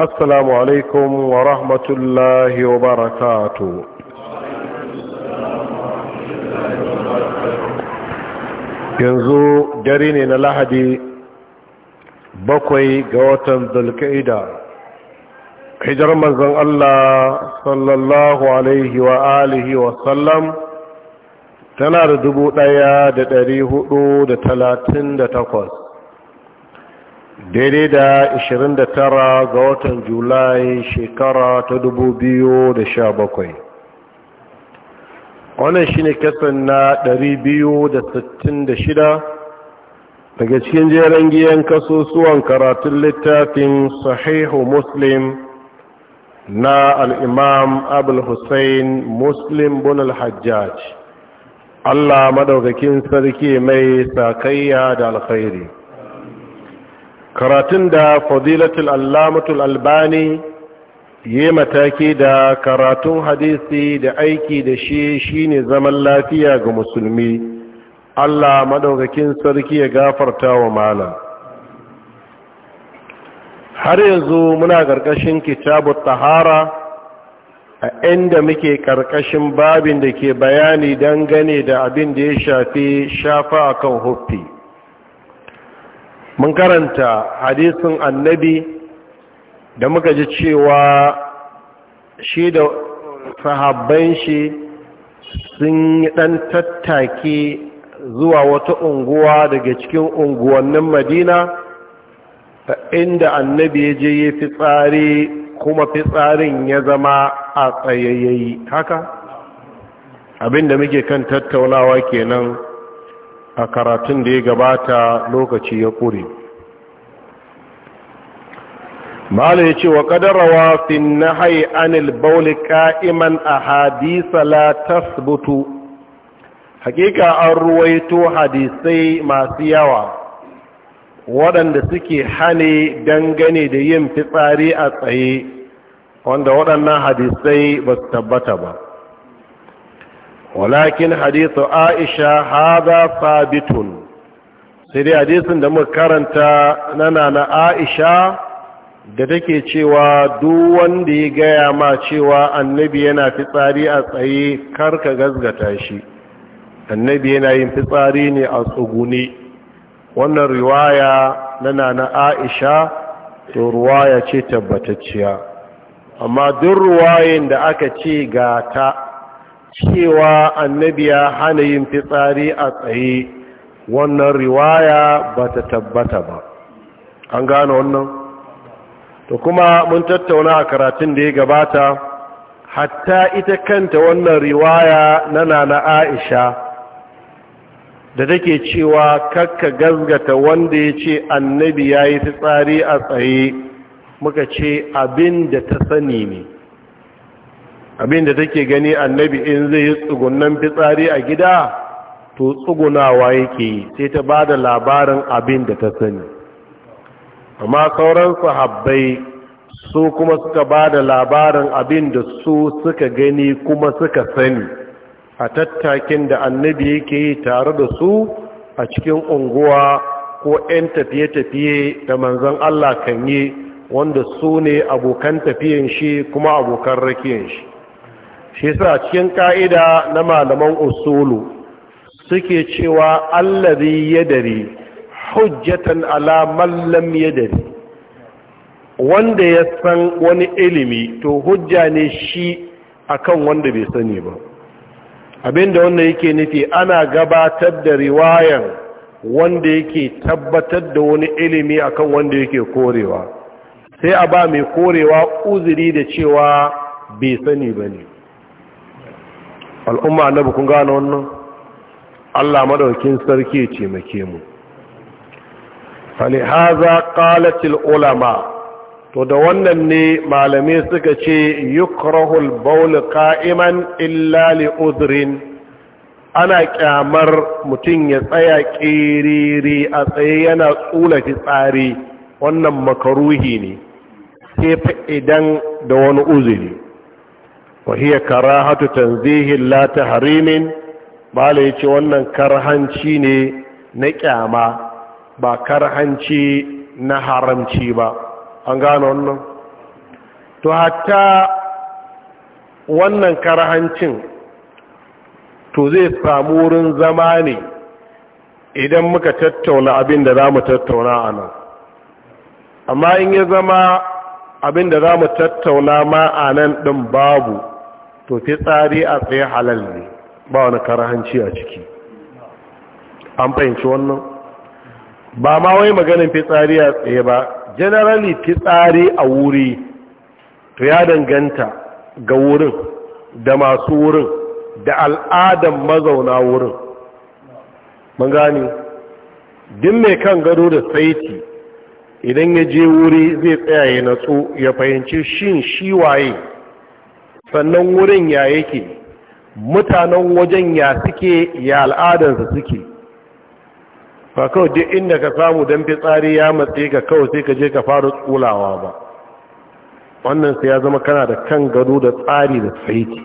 السلام wa ورحمة الله وبركاته yanzu dare ne na lahadi bakwai ga watan zulka'ida hijar manzon Allah sallallahu alaihi wa alihi wa sallam tana da dubu ɗaya da ɗari hudu da talatin da takwas daidai da 29 ga watan julai shekara ta 2017 wannan shi ne kasan na 266 daga cikin jeren giyan kasusuwan karatun littafin sahihu muslim na al'imam abul hussein muslim bin al-hajjaj allah madaukakin sarki mai sakayya da alkhairi karatun da fadilatul allamatul albani yi mataki da karatun hadisi da aiki da shi shine zaman lafiya ga musulmi allah madaukakin sarki ya gafarta wa malam har yanzu muna ƙarƙashin kitabu tahara a inda muke ƙarƙashin babin da ke bayani dangane da abin da ya shafi shafa akan huffi mun karanta hadisin annabi da muka ji cewa shi da sahabban shi sun yi ɗan tattake zuwa wata unguwa daga cikin unguwannin madina inda annabi ya je ya fi tsari kuma fitsarin ya zama a tsayayyayi haka abinda muke kan tattaunawa kenan a karatun da ya gabata lokaci ya ƙure mala ya ce wa ƙadarawa fi hai anil bauli ka'iman a hadisa la tasbutu hakika an ruwaito hadisai masu yawa waɗanda suke hane dangane da yin fitsari a tsaye wanda waɗannan hadisai ba su tabbata ba walakin hadithu aisha haza sabitun sai dai hadisin da muka karanta nana na aisha da take cewa duk wanda ya gaya ma cewa annabi yana fitsari a tsaye karka gazgata shi annabi yana yin fitsari ne a tsuguni wannan riwaya nana na aisha to ruwaya ce tabbatacciya amma duk ruwayen da aka ce gata cewa annabi ya hana yin fitsari a tsaye wannan riwaya ba ta tabbata ba an gane wannan to kuma mun tattauna a karatun da ya gabata hatta ita kanta wannan riwaya na nana aisha da take cewa kakka gazgata wanda ya ce annabi ya yi fitsari a tsaye muka ce abin da ta sani ne Abin da take gani annabi in zai yi tsugunan fitsari a gida to tsugunawa yake yi sai ta bada labarin abin da ta sani amma sauran sahabbai su kuma suka ba da labarin abin da su suka gani kuma suka sani a tattakin da annabi yake yi tare da su a cikin unguwa ko 'yan tafiye-tafiye da manzan Allah kan yi wanda su ne abokan tafiyan shi kuma abokan rakiyan shi shi sa cikin ƙa'ida na malaman usulu suke cewa allazi yadari hujjatan ala man lam yadari wanda ya san wani ilimi to hujja ne shi akan wanda bai sani ba abinda wannan yake nufi ana gabatar da riwayan wanda yake tabbatar da wani ilimi akan wanda yake korewa sai a ba mai korewa uzuri da cewa bai sani ba ne al'umma na kun gane wannan Allah madaukin sarki ya taimake mu falihaza kalatil ulama to da wannan ne malamai suka ce yukrahul baul ka'iman illa li ana kyamar mutum ya tsaya kiriri a tsaye yana tsula fitsari wannan makaruhi ne sai fa idan da wani uzuri وهي hiya karahatu لا تحريم tahrimin bala wannan karhanci ne na kyama ba karhanci na haramci ba an gano wannan to hatta wannan karhancin to zai samu wurin zama ne idan muka tattauna abin da za tattauna a nan amma in ya zama abin da za tattauna ma a nan ɗin babu to fitsari a tsaye halal ne ba wani karahanci a ciki an fahimci wannan ba ma wai maganin fitsari a tsaye ba generally fitsari a wuri to ya danganta ga wurin da masu wurin da al'adan mazauna wurin mun gani din mai kan gado da saiti idan ya je wuri zai tsayaye natsu ya fahimci shin shi waye sannan wurin ya yake mutanen wajen ya suke ya al'adansa suke ba kawai duk inda ka samu don fitsari ya matse ka kawai sai ka je ka fara tsulawa ba wannan sai ya zama kana da kan gado da tsari da tsaiti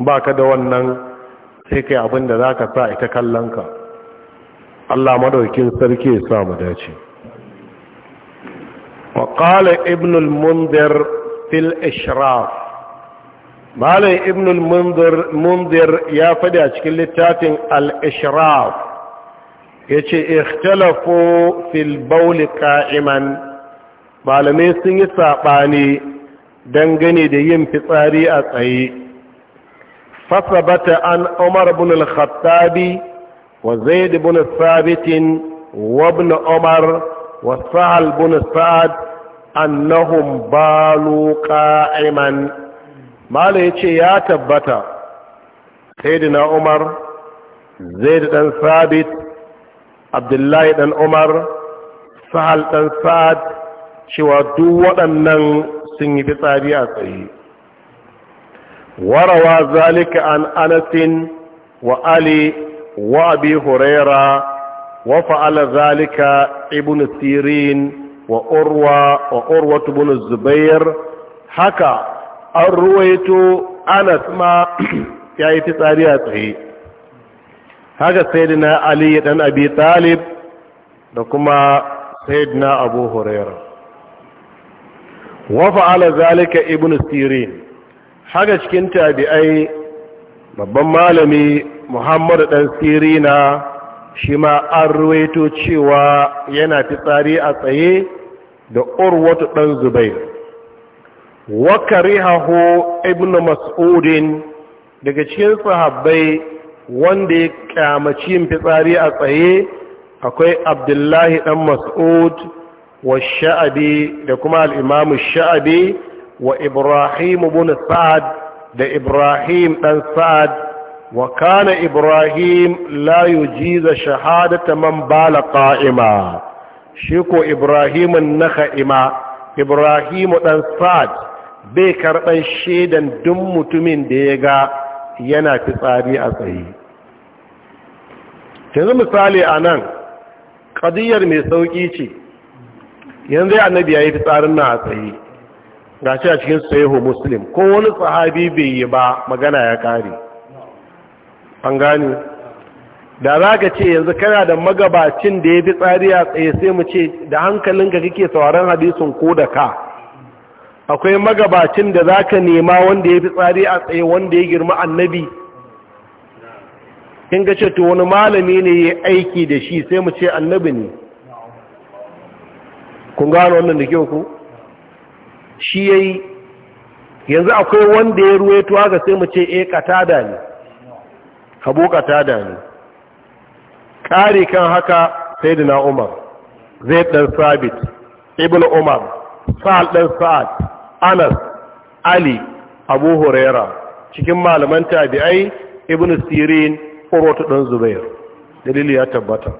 ba ka da wannan sai kai abin da za ka sa ita kallon ka Allah madaukin sarki ya sa mu dace wa qala ibn al fil ishraf malam ibn al-mundir ya faɗi a cikin littafin al-ishraf ya ce ikhtalafu fil bauli ka'iman malamai sun yi saɓani dangane da yin fitsari a tsaye fasabata an umar bin al-khattabi wa zaid bin sabitin wa ibn umar wa sahal bin sa'ad annahum balu qa'iman mala ya ce ya tabbata sayyidina umar zai dan sabit abdullahi dan umar sahal dan sa'ad cewa duk waɗannan sun yi fitsari a tsaye warawa zalika an anasin wa ali wa abi huraira wa fa'ala zalika ibn sirin wa urwa wa urwa zubair haka an ruwaito anas ma ya yi fitsari a tsaye haka na ali dan abi talib da kuma na abu huraira wafa ala zalika ibn sirin haka cikin tabi'ai babban malami muhammadu dan na, shi ma an ruwaito cewa yana fitsari a tsaye da urwatu dan zubair wa karihahu ibnu mas'udin daga cikin sahabbai wanda ya kyamaci yin fitsari a tsaye akwai abdullahi dan mas'ud wa sha'abi da kuma Al'imamu imamu sha'abi wa ibrahim ibn sa'ad da ibrahim dan sa'ad wa kana ibrahim la yujiza shahadata man bala qa'ima shi ko ibrahim an-nakha'ima ibrahim dan sa'ad bai karɓar shaidan dun mutumin da ya ga yana fitsari a tsaye yanzu misali a nan ƙadiyyar mai sauƙi ce yanzu ya annabi ya yi fitsarin na a tsaye ga shi a cikin sahihu musulun. ko wani sahabi bai yi ba magana ya ƙare an gani da za ka ce yanzu kana da magabacin da ya fi tsari a tsaye sai mu ce da hankalinka kake sauran hadisin ko da ka akwai magabacin da za ka nema wanda ya fi tsari a tsaye wanda ya girma annabi in ga to wani malami ne ya aiki da shi sai mu ce annabi ne kun gano wannan da kyau ku shi ya yi yanzu akwai wanda ya ruwe tuwa ga sai mu ce e eh, katada ne kata katada ne ƙari kan haka sai da na umar zai ɗan sabit ibn umar Sa'ad ɗan sa'ad anas ali abu huraira cikin malaman tabi'ai ibn sirin urwatu dan zubair dalili ya tabbata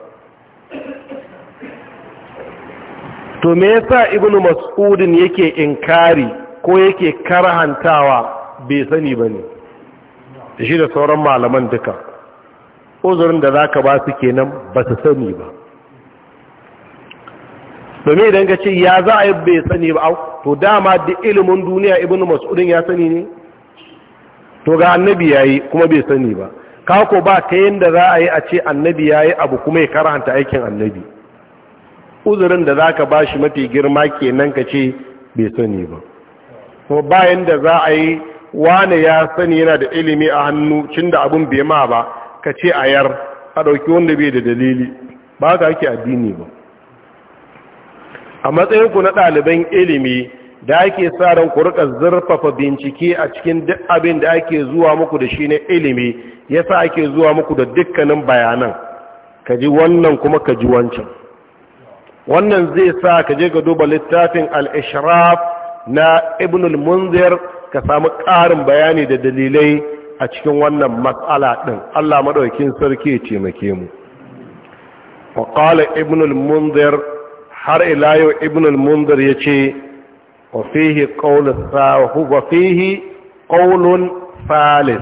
to me yasa ibn mas'udin yake inkari ko yake karhantawa bai sani bane shi da sauran malaman duka uzurin da zaka ba su kenan ba su sani ba domin idan ka ce ya za a yi bai sani ba to dama da ilimin duniya ibn mas'udin ya sani ne to ga annabi ya yi kuma bai sani ba kako ba ta da za a yi a ce annabi ya yi abu kuma ya karanta aikin annabi uzurin da za ka ba shi mafi girma kenan ka ce bai sani ba kuma bayan da za a yi wane ya sani yana da ilimi a hannu cin da abin bai ma ba ka ce a yar a ɗauki wanda bai da dalili ba ka ake addini ba a matsayinku na ɗaliban ilimi da ake sa ran ku rika zurfafa bincike a cikin duk abin da ake zuwa muku da shi na ilimi ya sa ake zuwa muku da dukkanin bayanan ka ji wannan kuma ka ji wancan wannan zai sa ka je ga duba littafin al-ishraf na ibn munzir ka samu ƙarin bayani da dalilai a cikin wannan matsala ɗin. Allah maɗaukin sarki ya taimake mu wa qala ibn munzir har ila yau ibn al-mundar ya ce wa fihi ƙaunin salis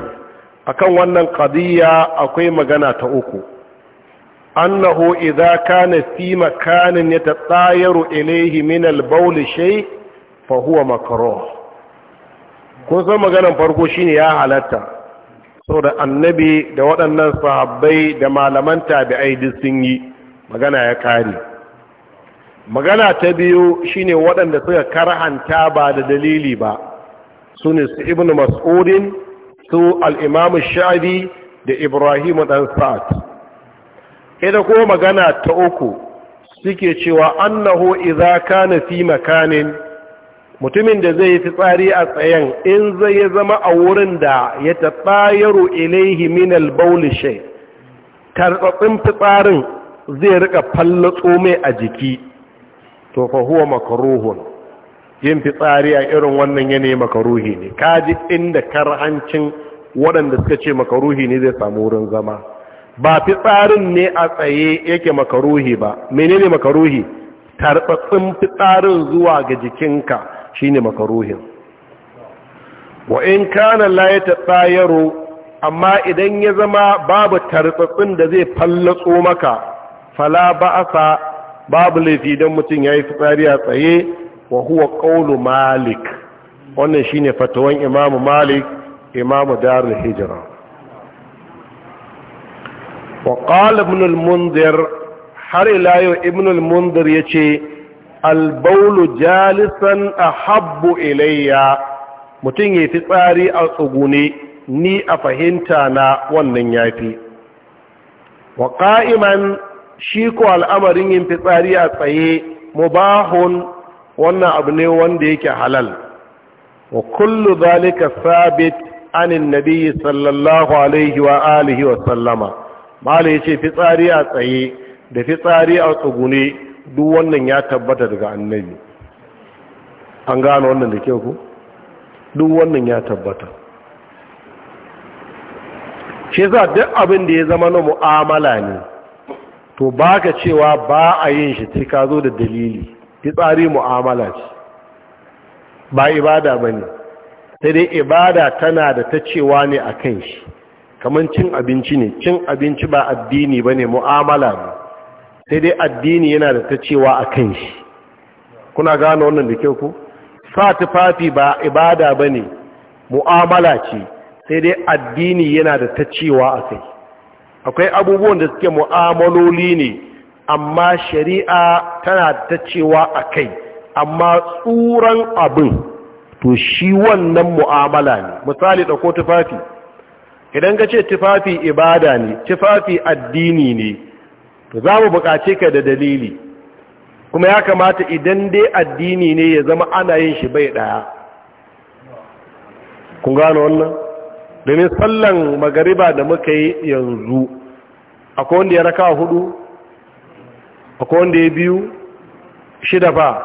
akan wannan ƙadiyya akwai magana ta uku annahu idza kana fi makanin yatatayaru ilayhi min al-bawl shay fa huwa makruh kun san maganan farko shine ya halatta saboda annabi da waɗannan sahabbai da malaman tabi'ai duk sun yi magana ya kare magana ta biyu shine waɗanda suka karhanta ba da dalili ba su ne su ibn mas'udin su al'imamu sha'adi da Ibrahim ɗan sa'ad ita ko magana ta uku suke cewa annahu idza kana fi makanin mutumin da zai fi tsari a tsayen in zai zama a wurin da ya taɓayaru ilaihi min albauli shai fitsarin zai rika fallatso mai a jiki to fa huwa makruhun yin fitsari a irin wannan yanayi makaruhi ne kaji inda karhancin waɗanda suka ce makaruhi ne zai samu wurin zama ba fitsarin ne a tsaye yake makaruhi ba menene makaruhi tarbatsin fitsarin zuwa ga jikinka shine makaruhin wa in kana la yatayaru amma idan ya zama babu tarbatsin da zai fallatso maka fala ba'asa babu laifi don mutum ya yi fitsari a tsaye wa huwa ƙaunu malik wannan shi ne fatawan imamu malik imamu darul hijira wa ƙala ibnul mundir har ila yau ibnul mundir ya ce albaulu jalisan a habbu ilayya mutum ya fi tsari a tsugune ni a fahimta na wannan yafi wa ƙa'iman shi ko al'amarin yin fitsari a tsaye mubahun wannan abu ne wanda yake halal wa kullu zalika sabit anin nabiyyi sallallahu alaihi wa alihi wa sallama malai yace fitsari a tsaye da fitsari a tsugune duk wannan ya tabbata daga annabi an gano wannan da kyau ku duk wannan ya tabbata shi za duk abin da ya zama na mu'amala ne to ba ka cewa ba a yin shi sai ka zo da dalili tsari mu'amala ce ba ibada ba ne sai dai ibada tana da ta cewa ne a kan shi kamar cin abinci ne cin abinci ba addini ba ne mu'amala ne sai dai addini yana da ta cewa a kan shi kuna gano wannan da kyau ku sa tufafi ba ibada ba ne mu'amala ce sai dai addini yana da ta cewa a kai akwai abubuwan da suke mu'amaloli ne amma shari'a tana ta cewa a kai amma tsuran abin to shi wannan mu'amala ne misali ɗauko tufafi idan ka ce tufafi ibada ne tufafi addini ne to za mu buƙace ka da dalili kuma ya kamata idan dai addini ne ya zama ana yin shi bai ɗaya kun gano wannan domin sallan magariba da muka yi yanzu akwai wanda ya raka hudu akwai wanda ya biyu shida ba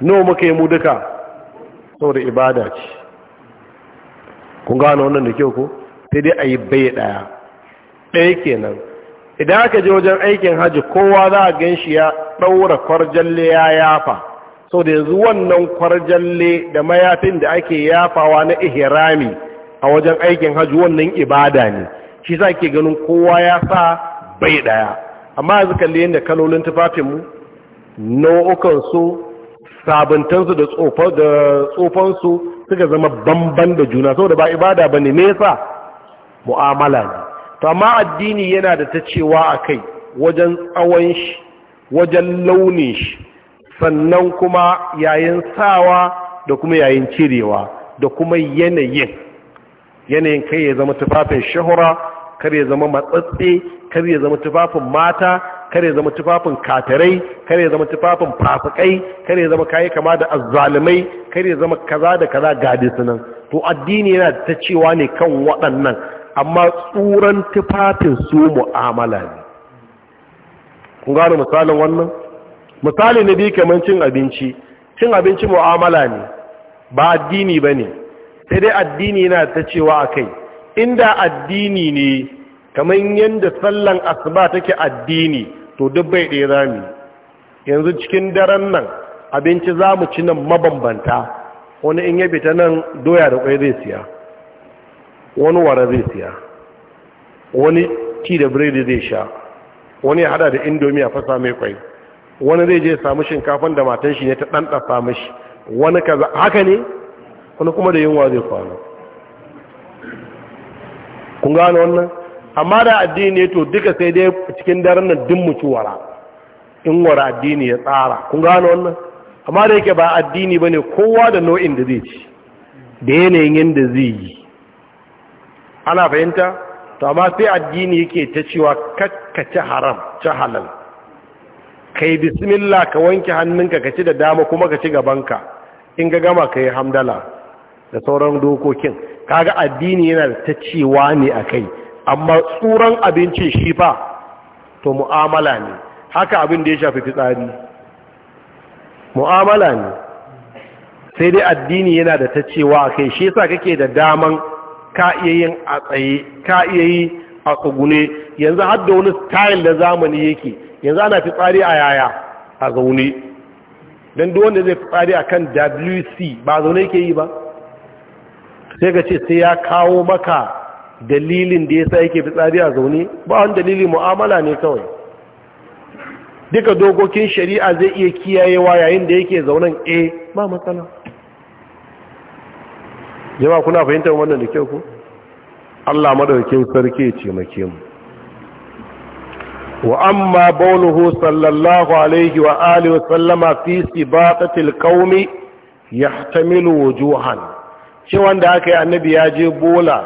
nawa muka yi mu duka saboda ibada ce kun gano wannan da kyau ko sai dai a yi bai daya ɗaya kenan idan aka je wajen aikin hajji kowa za a gan shi ya ɗaura kwarjalle ya yafa sau da yanzu wannan kwarjalle da mayafin da ake yafawa na ihirami a wajen aikin hajji wannan ibada ne shi za ke ganin kowa ya sa bai daya amma yanzu kalli yadda kalolin tufafinmu nau'ukansu sabuntansu da tsofansu suka zama bamban da juna saboda ba ibada ba ne me yasa mu'amala ne to amma addini yana da ta cewa a kai wajen tsawon shi wajen launin shi sannan kuma yayin sawa da kuma yayin cirewa da kuma yanayin yanayin kai ya zama tufafin shahura kare ya zama matsatse kare ya zama tufafin mata kare ya zama tufafin katarai kare ya zama tufafin fafikai kare ya zama kayi kama da azzalumai kare ya zama kaza da kaza gadi sunan to addini yana ta cewa ne kan waɗannan amma tsuran tufafin su mu'amala ne kun gano misalin wannan misali na bi kamar cin abinci cin abinci mu'amala ne ba addini ba ne sai dai addini yana ta cewa a kai inda addini ne kamar yadda sallan asuba take addini to duk bai ɗaya zami yanzu cikin daren nan abinci za mu ci nan mabambanta wani in ya ta nan doya da kwai zai siya wani wara zai siya wani ti da biredi zai sha wani ya hada da indomi a fasa mai kwai wani zai je samu shinkafan da matan shi ne ta ɗanɗa samu shi wani kaza haka ne wani kuma da yunwa zai faru kun gano wannan amma da addini to duka sai dai cikin daren nan din muci wara in wara addini ya tsara kun gano wannan amma da yake ba addini bane kowa da nau'in da zai ci da yanayin yanda zai yi ana fahimta to amma sai addini yake ta cewa kakkace haram ci halal kai bismillah ka wanke hannunka ka ci da dama kuma ka ci gabanka in ga gama ka yi hamdala da sauran dokokin kaga addini yana da ta cewa ne a kai amma tsuran abincin shi fa to mu'amala ne haka abin da ya shafi fitsari mu'amala ne sai dai addini yana da ta cewa a kai shi sa kake da daman ka a tsaye ka'iyayi a tsugune yanzu hada wani style da zamani yake yanzu ana fitsari a yaya a zaune don duk wanda zai fitsari kan WC ba zaune yake yi ba sai ga ce sai ya kawo maka dalilin da ya sa yake fitsari a zaune ba wani dalili mu'amala ne kawai duka dokokin shari'a zai iya kiyayewa yayin da yake zaunan a eh, ba matsala jama'a kuna fahimtar wannan da kyau ku Allah madaukin sarki ce make mu wa amma bauluhu sallallahu alaihi wa alihi wa sallama fi sibatatil qaumi yahtamilu wujuhan shi wanda aka yi annabi ya je bola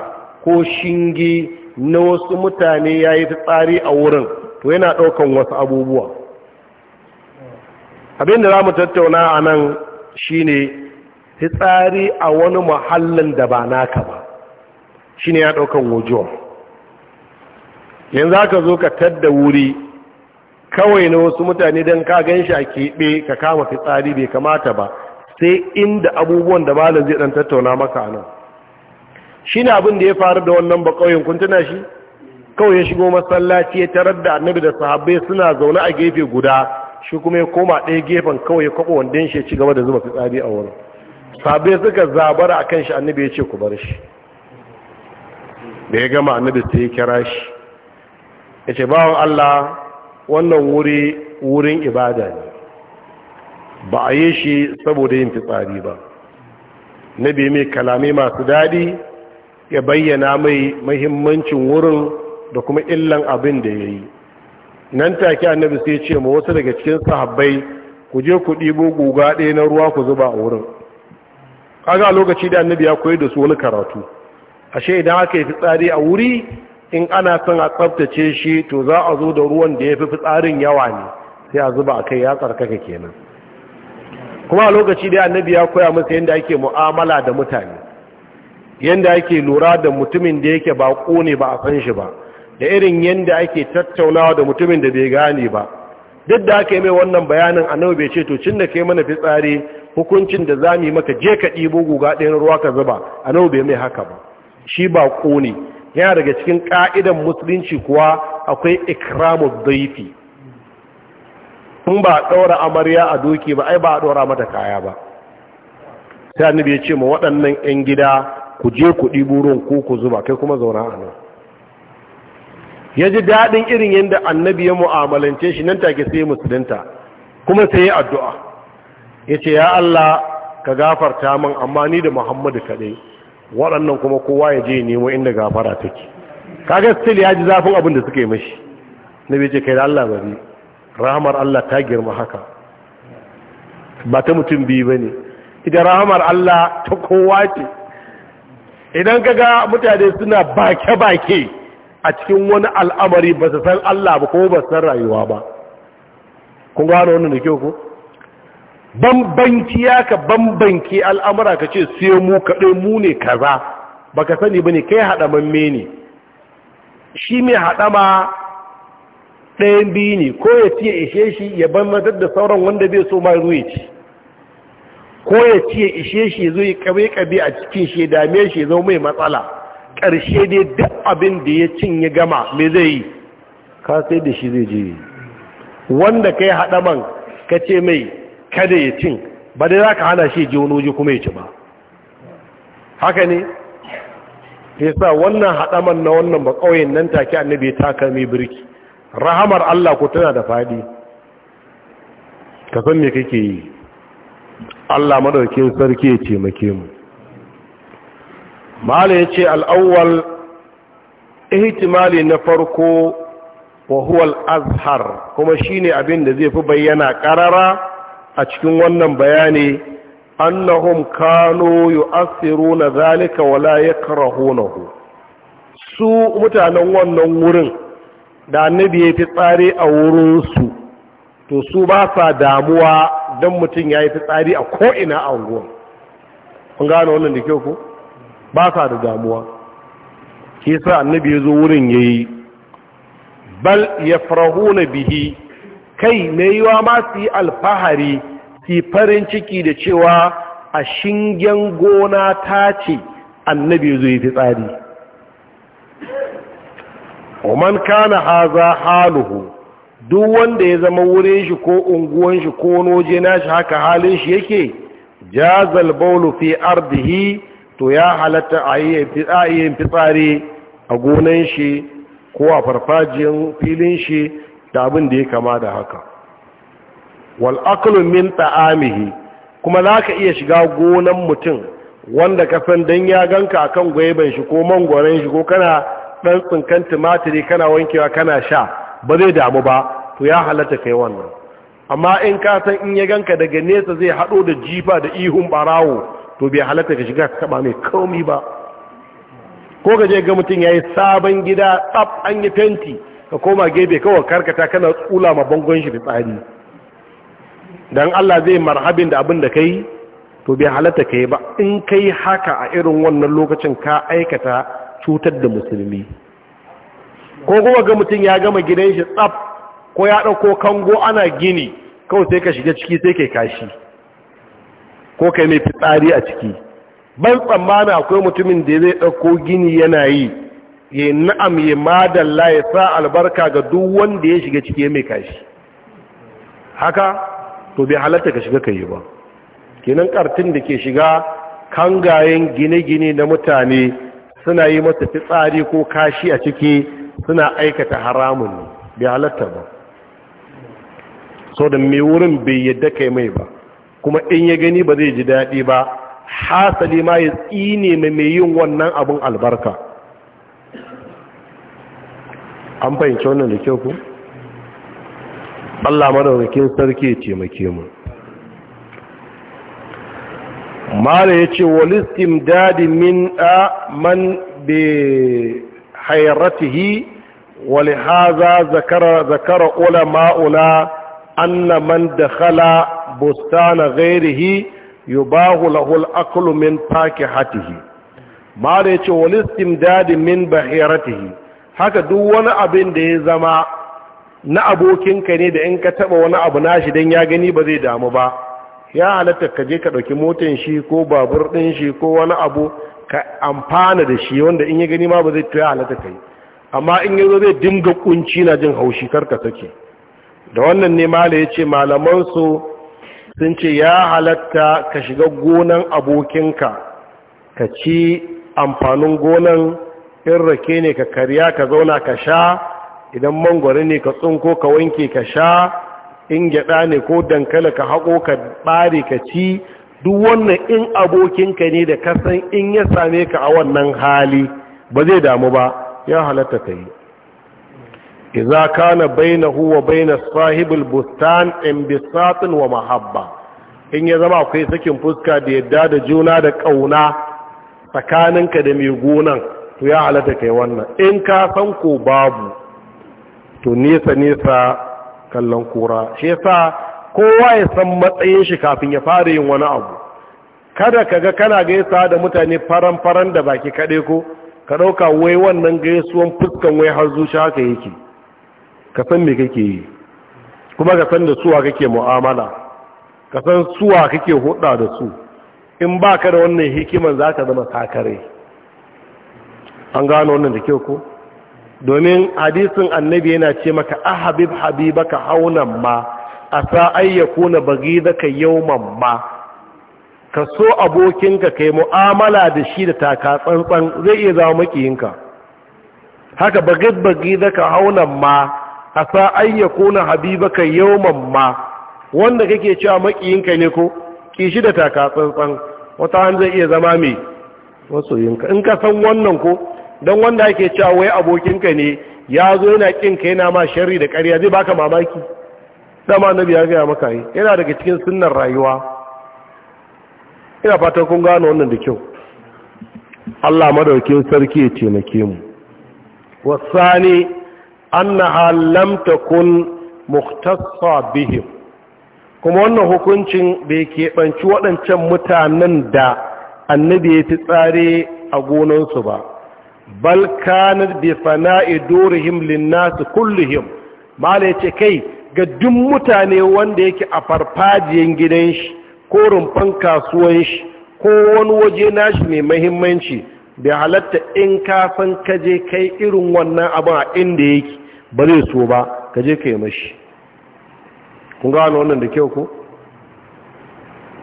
ko shinge na wasu mutane ya yi tsari a wurin to yana ɗaukan wasu abubuwa abin da za mu tattauna a nan shi ne fitsari a wani mahallin da ba naka ba shi ne ya ɗaukan wujuwa yanzu aka zo ka tadda wuri kawai na wasu mutane don ka gan shi a keɓe ka kama fitsari bai kamata ba sai inda abubuwan da malam zai dan tattauna maka anan shine abin da ya faru da wannan ba ƙauyen kun tuna shi kawai ya shigo masallaci ya tarar da annabi da sahabbai suna zaune a gefe guda shi kuma ya koma ɗaya gefen kawai ya kwaba wanda ya ci gaba da zuba fitsari a wurin sahabbai suka zabara a kan shi annabi ya ce ku bar shi da ya gama annabi sai ya kira shi ya ce bawan Allah wannan wuri wurin ibada ne ba a yi shi saboda yin fitsari ba na biyu mai kalamai masu daɗi ya bayyana mai mahimmancin wurin da kuma illan abin da ya yi nan take annabi sai ce ma wasu daga cikin sahabbai ku je ku ɗibo guga ɗaya na ruwa ku zuba a wurin kaga lokaci da annabi ya koyar da su wani karatu ashe idan aka yi fitsari a wuri in ana son a tsaftace shi to za a zo da ruwan da ya fi fitsarin yawa ne sai a zuba a kai ya tsarkaka kenan kuma a lokaci da annabi ya koya masa yadda ake mu'amala da mutane yadda ake lura da mutumin da yake ba ne ba a san shi ba da irin yadda ake tattaunawa da mutumin da bai gane ba duk da aka yi mai wannan bayanin a bai ce to cin da kai mana fitsari hukuncin da za mu yi maka je ka ɗibo guga ɗayan ruwa ka zuba annabi bai mai haka ba shi ba ne yana daga cikin ƙa'idan musulunci kuwa akwai ikramu dhaifi in ba a ɗaura amarya a doki ba ai ba a ɗaura mata kaya ba sai annabi ya ce ma waɗannan 'yan gida ku je ku ɗi burin ko ku zuba kai kuma zauna a nan ya ji daɗin irin yadda annabi ya mu'amalance shi nan take sai musulunta kuma sai ya addu'a ya ce ya Allah ka gafarta min amma ni da muhammadu kaɗai waɗannan kuma kowa ya je nemo inda gafara take kaga still ya ji zafin abin da suka yi mashi na bai ce kai da Allah bari rahamar Allah ta girma haka ba ta mutum biyu ba ne idan rahamar Allah ta kowa ce idan kaga mutane suna bake-bake a cikin wani al'amari ba su san Allah ba ko ba su san rayuwa ba kun gano wannan da kyau ku bambanci ya ka bambanci al'amura ka ce sai mu kaɗai mu ne kaza ba ka sani ba ne kai mamme ne shi mai haɗama ɗayan biyu ne ko ya ciye ishe shi ya ban da sauran wanda bai so ma ruwa ci ko ya ciye ishe shi ya zo ya kabe-kabe a cikin shi ya dame shi ya zo mai matsala ƙarshe dai duk abin da ya cinye gama me zai yi ka sai da shi zai je wanda ka yi haɗaman ka ce mai kada ya cin ba dai za ka hana shi ji wani waje kuma ya ci ba haka ne ya sa wannan haɗaman na wannan ba ƙauyen nan take annabi ya taka mai birki rahamar Allah ko tana da faɗi ka san me kake yi Allah madaukin sarki ya ce make mu mala yace al-awwal ihtimali na farko wa huwa al-azhar kuma shine abin da zai fi bayyana karara a cikin wannan bayani annahum kanu yu'athiruna zalika wala yakrahunahu su mutanen wannan wurin da annabi ya fi tsari a wurinsu to su ba sa damuwa don mutum ya yi fitsari a ko'ina a unguwa kun gane wannan da kyau ku ba sa da damuwa ke sa annabi ya zo wurin ya yi bal ya farahu na bihi kai mai yiwa ma su yi alfahari su farin ciki da cewa a shingen gona ta ce annabi ya zo ya fitsari ومن كان هذا حاله duk wanda ya zama wurin shi ko unguwan shi ko noje nashi haka halin shi yake jazal baulu fi ardihi to ya halatta a yi fitsare a gonan shi ko a farfajiyar filin shi da abin da ya kama da haka wal aklu min ta'amihi kuma za ka iya shiga gonan mutum wanda kafin dan ya ganka akan gwaiban shi ko mangwaron shi ko kana ɗan tsinkan tumatiri kana wankewa kana sha ba zai damu ba to ya halatta kai wannan amma in ka san in ya ganka daga nesa zai haɗo da jifa da ihun barawo to bai halatta ka shiga mai komi ba ko ka je ga mutum ya yi sabon gida tsaf an yi fenti ka koma gefe kawai karkata kana tsula ma bangon shi fitsari don Allah zai marhabin da abin da ka yi to bai halatta ka yi ba in ka yi haka a irin wannan lokacin ka aikata cutar da musulmi ko kuma ga mutum ya gama gidan shi tsaf ko ya ɗauko kango ana gini kawai sai ka shiga ciki sai kai kashi ko kai mai fitsari a ciki ban tsammana akwai mutumin da zai ɗauko gini yana yi ya na'am ya madalla ya sa albarka ga duk wanda ya shiga ciki ya mai kashi haka to bai halatta ka shiga kai ba kenan kartin da ke shiga kangayen gine-gine na mutane suna yi mata fitsari ko kashi a ciki suna aikata haramun ne bai halatta ba so da mai wurin bai yadda kai mai ba kuma in ya gani ba zai ji daɗi ba hasali ma ya tsine na mai yin wannan abin albarka an fahimci wannan da kyau ku? Allah madaukakin sarki ya taimake mu mala ya ce walistim dadi min a man bi hayratihi wali haza zakara ulama ula anna man na bustana gairihi yubahu lahu al akulu min fakihatihi mala ya ce walistim dadi min bahiratihi haka duk wani abin da ya zama na abokinka ne da in ka taba wani abu nashi don ya gani ba zai damu ba ya halatta ka je ka ɗauki motan shi ko babur ɗin shi ko wani abu ka amfana da shi wanda in ya gani ma ba zai tuya halatta ka yi amma in ya zo zai dinga ƙunci na jin haushi karka sake da wannan ne mala ya ce malamansu sun ce ya halatta ka shiga gonan abokinka ka ci amfanin gonan in rake ne ka karya ka zauna ka sha idan mangwari ne ka tsunko ka wanke ka sha in gyaɗa ne ko dankali ka haƙo ka ɓare ka ci duk wannan in abokinka ne da kasan in ya same ka a wannan hali ba zai damu ba ya halatta ka yi iza kana baina huwa baina sahibul bustan inbisatun wa mahabba in ya zama akwai sakin fuska da yadda da juna da ƙauna tsakaninka da mai gonan to ya halatta ka yi wannan in ka san ko babu to nesa nesa kallon kura shi yasa kowa ya san matsayin shi kafin ya fara yin wani abu kada ka ga kana gaisa da mutane faran-faran da baki kaɗai ko ka ɗauka wai wannan gaisuwan fuskan wai har zuciya haka yake ka san me kake yi kuma ka san da suwa kake mu'amala ka san suwa kake hudda da su in baka da wannan hikiman za zama sakare an gano wannan da kyau ko domin hadisin annabi yana ce maka ahabib ah, habibaka haunan ma a sa'ai ya kuna bagidaka yawman ma ka so abokinka kai mu'amala da shi da taka tsantsan zai iya zama makiyinka haka bagid bagidaka haunan ma a sa'ai ya kuna habibaka yau ma wanda kake cewa makiyinka ne ko kishi da taka tsantsan wata zai iya zama mai masoyinka in ka san wannan ko don wanda ake cewa wai abokinka ne ya zo yana kinka yana ma shari da ƙarya zai baka mamaki dama annabi ya gaya maka yi yana daga cikin sunnar rayuwa ina fatan kun gano wannan da kyau Allah madaukin sarki ya taimake mu wasani annaha lam takun muhtassa bihim kuma wannan hukuncin bai keɓanci waɗancan mutanen da annabi ya fi tsare a gonansu ba bal kanat bi fana'i durihim linnas kullihim mala ce kai ga duk mutane wanda yake a farfajiyan gidan shi ko rumfan kasuwan shi ko wani waje nashi mai muhimmanci bai halatta in ka san kaje kai irin wannan abin a inda yake ba zai so ba kaje kai mashi kun gano wannan da kyau ko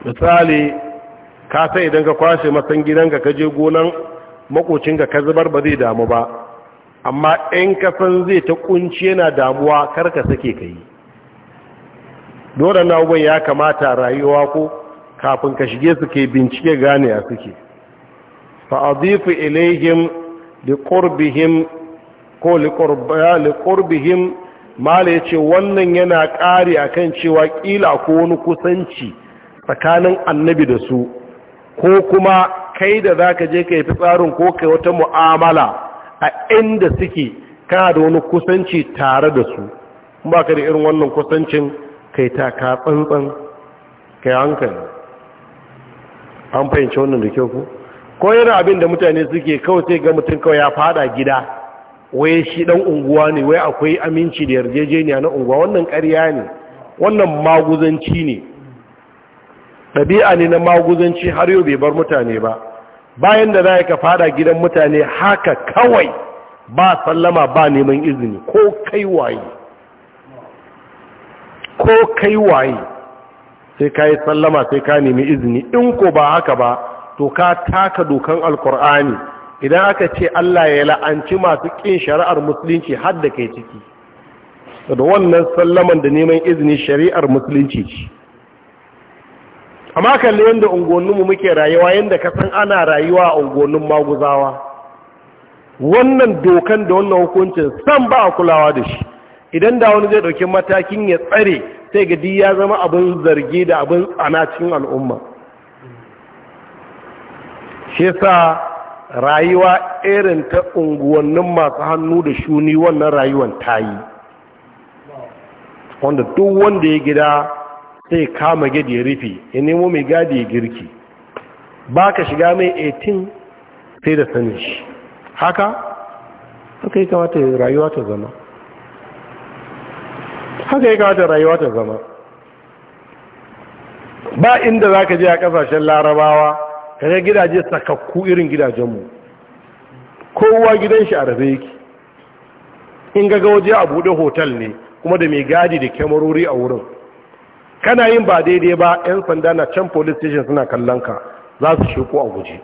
misali ka sai idan ka kwashe masan gidanka kaje gonan ga ka zubar ba zai damu ba amma in ka zai ta kunci yana damuwa kar ka sake ka yi dole na uban ya kamata rayuwa ko kafin ka shige su ke bincike gane a suke fa'adifu da ƙorbihim ko mala ya ce wannan yana ƙari a kan cewa ƙila ko wani kusanci tsakanin annabi da su ko kuma kai da za ka je ka yi fitsarin ko kai wata mu'amala a inda suke ka da wani kusanci tare da su ba ka da irin wannan kusancin kai ta ka tsantsan kai hankali an fahimci wannan da kyau ku ko yana abin da mutane suke kawai sai ga mutum kawai ya fada gida wai shi dan unguwa ne wai akwai aminci da yarjejeniya na unguwa wannan ƙarya ne wannan maguzanci ne ɗabi'a ne na maguzanci har yau bai bar mutane ba bayan da za ka fada gidan mutane haka kawai ba sallama ba neman izini ko kai waye ko kai waye sai ka yi sallama sai ka nemi izini in ko ba haka ba to ka taka dokan alkur'ani idan aka ce Allah ya la'anci masu kin shari'ar musulunci har da kai ciki da wannan sallaman da neman izini shari'ar musulunci ce amma kalli yadda unguwanninmu muke rayuwa yadda ka san ana rayuwa a unguwannin maguzawa wannan dokan da wannan hukuncin san ba a kulawa da shi idan da wani zai ɗauki matakin ya tsare sai gadi ya zama abin zargi da abin tsana cikin al'umma shi sa rayuwa irin ta unguwannin masu hannu da shuni wannan rayuwan ta yi wanda duk wanda ya gida sai kama gadi ya rufe ya nemo mai gadi ya girki ba ka shiga mai 18 sai da sanin shi haka haka yi kamata rayuwa ta zama haka yi kamata rayuwa ta zama ba inda za ka je a kasashen larabawa ka ga gidaje sakakku irin gidajenmu kowa gidan shi a rabe yake in ga waje a buɗe hotel ne kuma da mai gadi da kyamarori a wurin kana yin ba daidai ba yan sanda na can police station suna kallon ka za su shiko a guji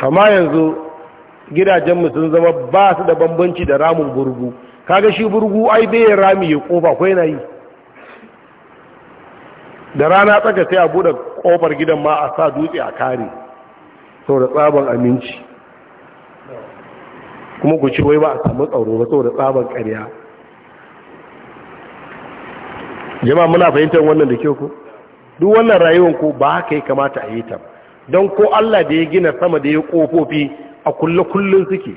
kama yanzu gidajenmu sun zama ba su da bambanci da ramin burgu kaga shi burgu ai bai rami ya kofa kwai na yi da rana tsaka sai a bude kofar gidan ma a sa dutse a kare saboda tsaban aminci kuma ku ci wai ba a samu tsaro ba saboda tsaban ƙarya jama'a muna fahimtar wannan da kyau ko duk wannan rayuwar ko ba haka ya kamata a yi ta don ko Allah da ya gina sama da ya kofofi a kulle kullun suke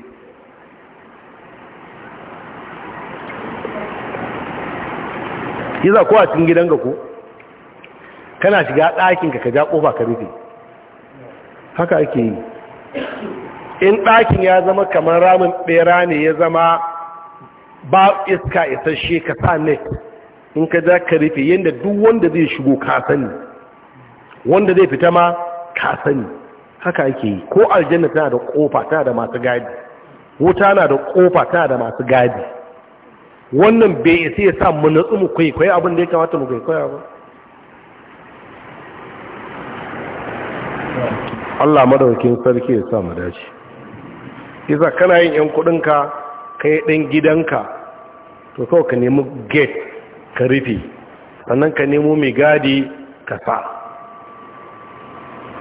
yiza ko a cikin gidanka ko kana shiga ɗakinka ka ja kofa ka rufe haka ake yi in ɗakin ya zama kamar ramin ɓera ne ya zama ba iska isasshe ka sa net in ka za ka rufe yadda duk wanda zai shigo ka sani wanda zai fita ma ka sani haka ake yi ko aljanna tana da kofa tana da masu gadi wuta na da kofa tana da masu gadi wannan bai isa ya sa mu natsu mu kwaikwayo abin da ya kamata mu kwaikwaya ba Allah madaukin sarki ya sa mu dace isa kana yin yan ka kai dan gidanka to kawai ka nemi gate ka rufe sannan ka nemo mai gadi ka sa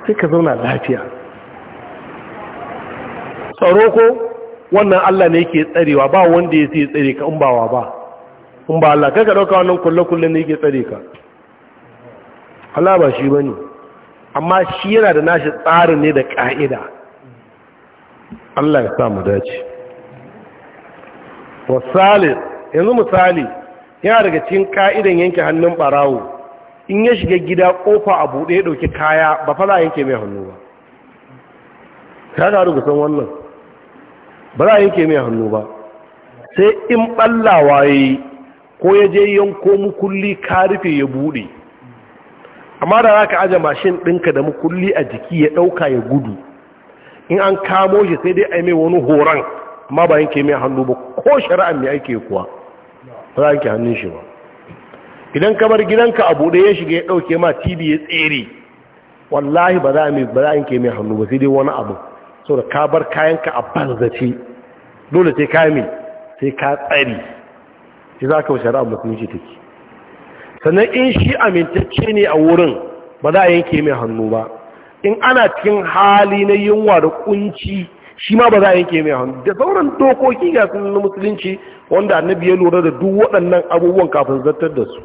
sai ka zauna lafiya tsaro ko wannan Allah ne yake tsarewa ba wanda ya sai tsare ka in ba in ba Allah kai ka dauka wannan kulle-kulle ne yake tsare ka Allah ba shi bane amma shi yana da nashi tsarin ne da ka'ida Allah ya sa mu dace wasali yanzu misali yana daga cikin ka'idan yanke hannun barawo in ya shiga gida kofa a buɗe ya ɗauki kaya ba fa za yanke mai hannu ba ta ga rubutan wannan ba za a yanke mai hannu ba sai in ɓallawa ya yi ko ya je yanko mukulli ka rufe ya buɗe amma da za ka aje mashin ɗinka da mukulli a jiki ya ɗauka ya gudu in an kamo shi sai dai a yi mai wani horon amma ba yanke mai hannu ba ko shari'a mai aike kuwa ba za hannun shi ba idan ka bar gidanka a buɗe ya shiga ya dauke ma tv ya tsere wallahi ba za a yanke mai hannu ba sai dai wani abu da ka bar kayanka a banzace dole sai ka mai sai ka tsari shi za ka wuce mutum shi take sannan in shi amintacce ne a wurin ba za a yanke mai hannu ba in ana cikin hali na yunwa da kunci shi ma ba za a yanke mai hannu da sauran dokoki ga sun na musulunci wanda annabi ya lura da duk waɗannan abubuwan kafin zartar da su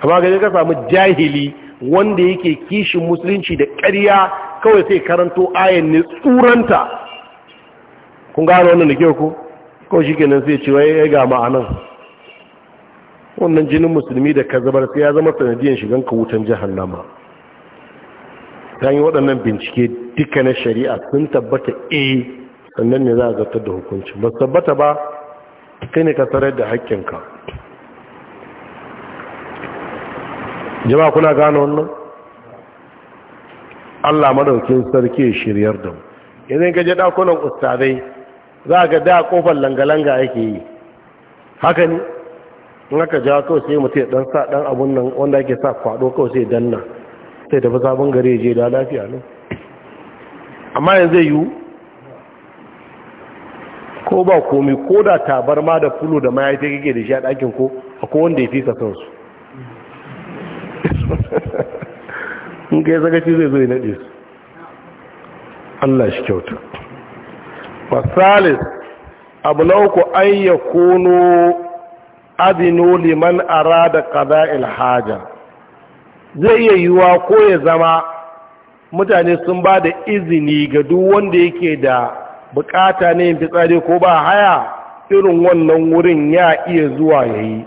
amma gani ka samu jahili wanda yake kishin musulunci da ƙarya kawai sai karanto ayan ne tsuranta kun gano wannan da kyau ko Kawai shi kenan sai cewa ya ga ma'anan wannan jinin musulmi da ka zabar sai ya zama sanadiyan shigan ka wutan jahannama ta yi waɗannan bincike duka na shari'a sun tabbata e, sannan ne za a zartar da hukunci ba tabbata ba kai ne ka tsarar da haƙƙinka Jam'a kuna gano wannan allah madaukin sarki shiryar da mu ka je ɗakunan ustazai za ga da ƙofar langa-langa ake yi haka ne in aka jawo kawai sai mutu ya ɗan sa ɗan abun nan wanda ake sa kwaɗo kawai sai danna sai tafi sabon gare je da lafiya ne amma yanzu yi yiwu ko ba komi ko da tabar ma da fulo da maya ta kake da shi a ɗakin ko a wanda ya fi ka su in ka yi zagaci zai zo yi naɗe su Allah shi kyauta fasalis abu na uku an ya kono adino liman arada kada ilhaja zai iya yiwuwa ko ya zama mutane sun ba da izini ga duk wanda yake da bukata ne yin fitsari ko ba haya irin wannan wurin ya iya zuwa ya yi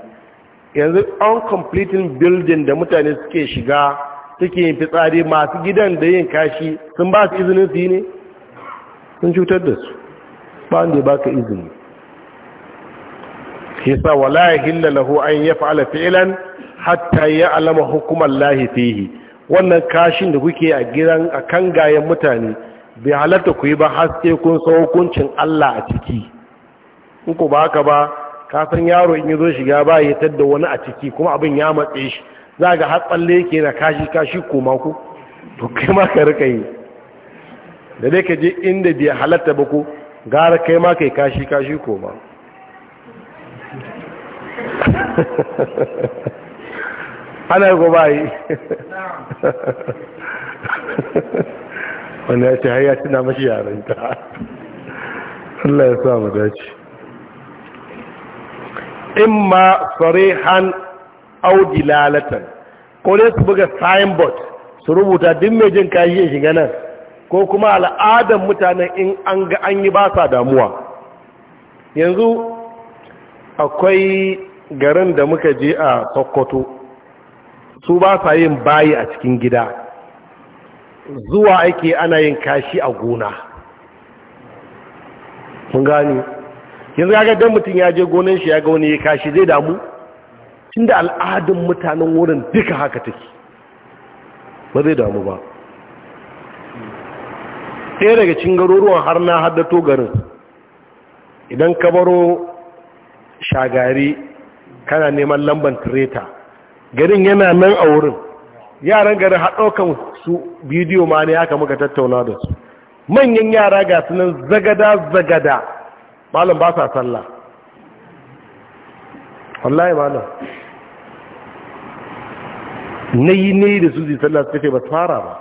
yanzu uncompleted building da mutane suke shiga suke yin fitsari masu gidan da yin kashi sun ba su izinin su yi ne sun cutar da su ba wanda ba ka izini yasa wala ya hilla lahu an yi fa'ala fi'lan hatta ya alama hukumar lahi wannan kashin da kuke a gidan a kan gayen mutane bai halatta ku yi ba haske kun sa hukuncin Allah a ciki in ku ba haka ba kafin yaro in yi zo shiga ba ya tadda wani a ciki kuma abin ya matse shi za ga hatsalle yake na kashi kashi koma ku to kai ma ka rika yi da dai ka je inda bai halatta ba ku gara kai ma kai kashi kashi koma ana yi ba yi wanda ya ce har ya tuna mashi yaranta Allah ya sa mu dace imma sarihan aw dilalatan ko dai su buga signboard su rubuta duk mai jin kayi ya shiga nan ko kuma al'adar mutanen in an ga an yi ba damuwa yanzu akwai garin da muka je a sokoto su ba sa yin bayi a cikin gida zuwa ake ana yin kashi a gona mun gani yanzu ya dan mutum ya je gonan shi ya ga wani ya kashi zai damu tunda al'adun mutanen wurin duka haka take ba zai damu ba ɗaya daga cin garuruwan har na haddato garin idan ka baro shagari kana neman lamban tireta garin yana nan a wurin yaran garin haɗaukan su bidiyo ma ne haka muka tattauna da su manyan yara ga su nan zagada-zagada malam ba sa sallah wallahi malam na yi ne da su zai sallah suka ce ba fara ba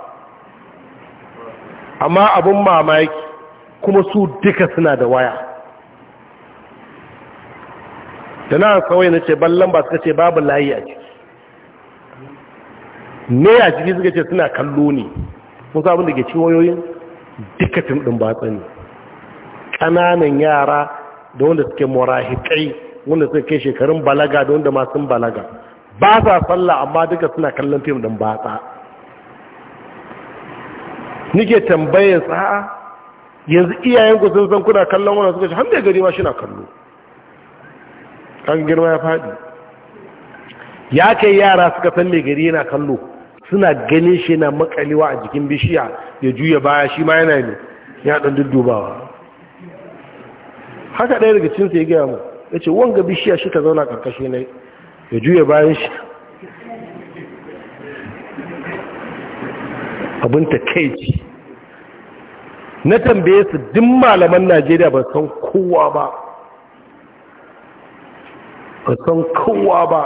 amma abin mamaki kuma su duka suna da waya da na kawai na ce ballon ba suka ce babu layi a ciki Ne a ciki suka ce suna kallo ne sun sa abin da ke ci wayoyin duka fim ɗin batsa ne ƙananan yara da wanda suke murahikai, wanda suka kai shekarun balaga da wanda masu balaga ba sa sallah amma duka suna kallon fim ɗin batsa nike tambayar sa'a yanzu iyayen ku sun san kuna kallon wannan suka ce hamdai gari ma shi na kallo kan girma ya faɗi ya kai yara suka san mai gari yana kallo suna ganin shi yana makaliwa a jikin bishiya ya juya baya shi ma yana ne ya ɗan dubawa haka ɗaya daga cinsa ya gaya mu ya ce wanga bishiya shi ka zauna ƙarƙashi ne ya juya bayan shi abin ta kai na tambaye su duk malaman najeriya ba san kowa ba ba san kowa ba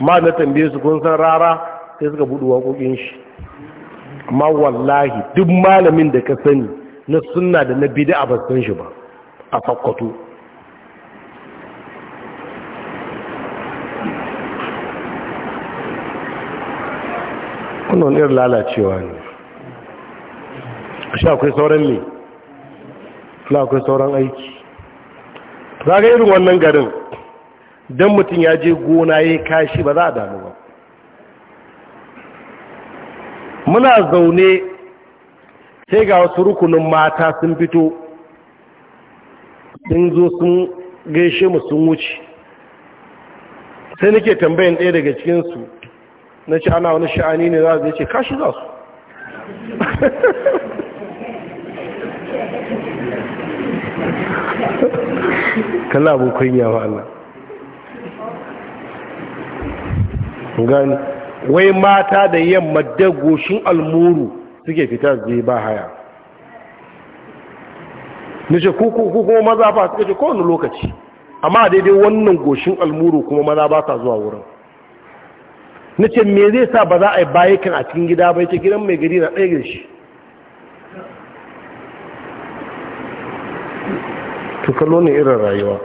ma na tambaye su kun san rara sai suka budu waƙoƙin shi amma wallahi duk malamin da ka sani na suna da na bid'a a san shi ba a fakwato wannan irin lalacewa ne a sha akwai sauran ne shi akwai sauran aiki za ga irin wannan garin don mutum ya je gona ya kashi ba za a damu ba muna zaune sai ga wasu rukunin mata sun fito sun zo sun gaishe mu sun wuce sai nake tambayin ɗaya daga cikinsu na ci ana wani sha'ani ne za su ce kashi za su kalla abin kunya wa Allah gani wai mata da yamma goshin almuru suke fita zai ba haya Nace ce kuma maza ba suka ce kowane lokaci amma daidai wannan goshin almuru kuma maza ba sa zuwa wurin na ce me zai sa ba za a yi bayakan a cikin gida bai ce gidan mai gari na ɗaya shi tukalo ne irin rayuwa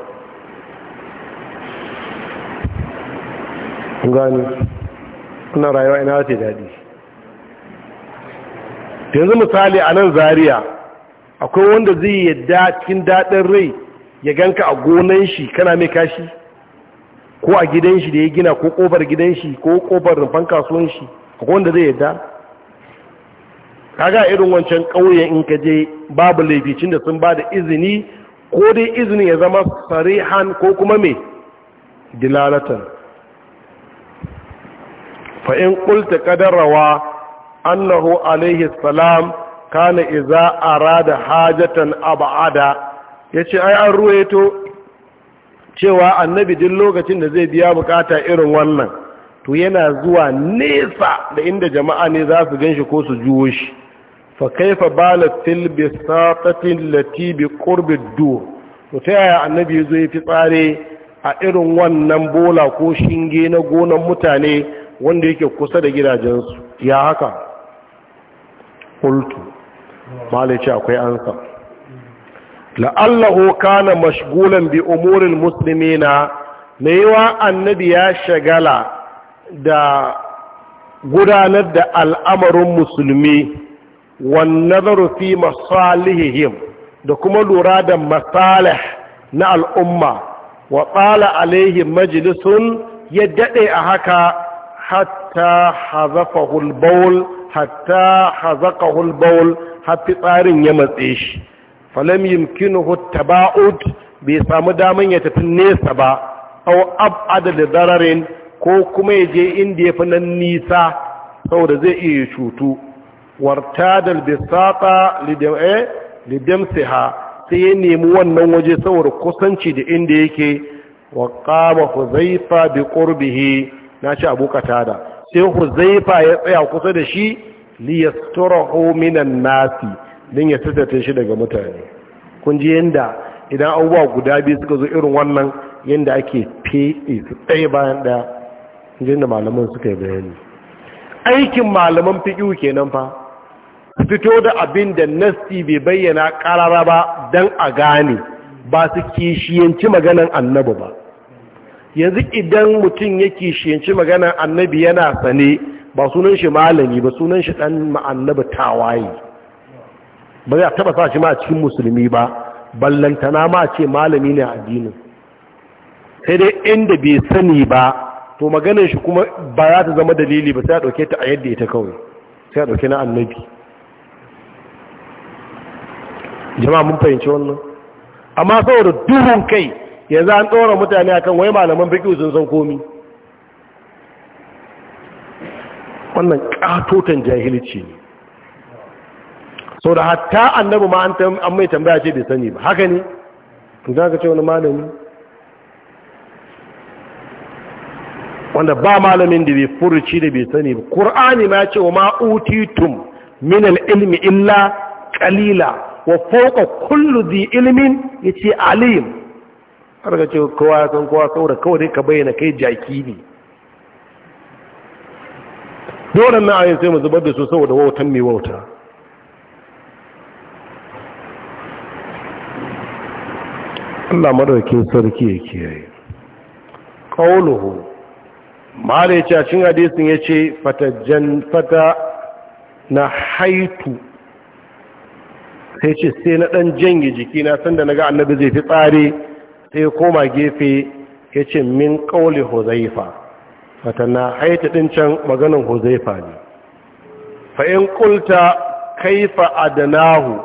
gani suna rayuwa ina ce daɗi yanzu misali a nan zariya akwai wanda zai yadda cikin daɗin rai ya ganka a gonan shi kana mai kashi ko a gidan shi da ya gina ko ƙofar gidan shi ko ƙofar rumfan kasuwan shi akwai wanda zai yadda kaga irin wancan ƙauyen in ka je babu laificin da sun ba da izini ko dai izini ya zama sarihan ko kuma mai dilalatan fa in qulta qadarawa annahu alaihi salam kana idza arada hajatan abada yace ai an ruwaito cewa annabi duk lokacin da zai biya bukata irin wannan to yana zuwa nesa da inda jama'a ne za su ganshi ko su juwo shi fa kaifa bala fil bisatatin lati bi qurbi dur to ta yaya annabi yazo fi tsare a irin wannan bola ko shinge na gonan mutane wanda yake kusa da gidajensu ya haka ƙultu malice akwai ansa la'allahu kana mashgulan bi umurin musulmi na maiwa annabi ya shagala da gudanar da al'amarin musulmi wannazaru fi masalihihim da kuma lura da masalih na al'umma wa tsala alaihim majalisun ya dade a haka hatta hazafahu al hatta hazaqahu al-bawl tsarin ya matse shi falam yumkinuhu at bai samu daman ya tafi nesa ba aw ab'ada da dararin ko kuma ya je inda ya fi nan nisa saboda zai iya cutu wartadal bisata lidam'e lidamsiha sai ya nemi wannan waje saboda kusanci da inda yake wa qama huzaifa bi na ci abu da sai huzaifa ya tsaya kusa da shi liyasturahu minan nasi din ya tattata shi daga mutane kun ji yanda idan abubuwa guda biyu suka zo irin wannan yanda ake fi su ɗaya bayan ɗaya jin da malaman suka yi bayani aikin malaman ke kenan fa fito da abin da nasti bai bayyana ƙarara ba don a gane ba su kishiyanci maganan annabi ba yanzu idan mutum yake shiyanci magana annabi yana sane ba sunan shi malami ba sunan shi dan ma'annaba tawaye ba za taba sa shi ma a cikin musulmi ba ballantana ma ce malami ne addinin sai dai inda bai sani ba to maganar shi kuma ba za ta zama dalili ba sai a dauke ta a yadda ita kawai sai a dauke na annabi jama'a mun fahimci wannan amma saboda duhun kai yanzu an ɗora mutane akan wai malaman fiƙi sun san komi wannan katotan jahilci ne sau da hatta annabu ma an mai tambaya ce bai sani ba haka ne za ka ce wani malami wanda ba malamin da bai furuci da bai sani ba ƙur'ani ma ce wa ma'utitum min al'ilmi illa ƙalila wa fauka kullu zi ilimin ya ce alim har ga ce kowa ya san kowa saboda kawai dai ka bayyana kai jaki ne doron na ayin sai mu zubar da su saboda wautan mai wauta Allah madaukin sarki ya kiyaye qawluhu mare ce cin hadisin yace fatajan fata na haitu sai ce sai na dan janye jiki na sanda naga annabi zai fi tsare sai koma gefe ya ce min ƙauli huzaifa fatana haita ɗin can maganin huzaifa ne fa'in ƙulta kaifa adanahu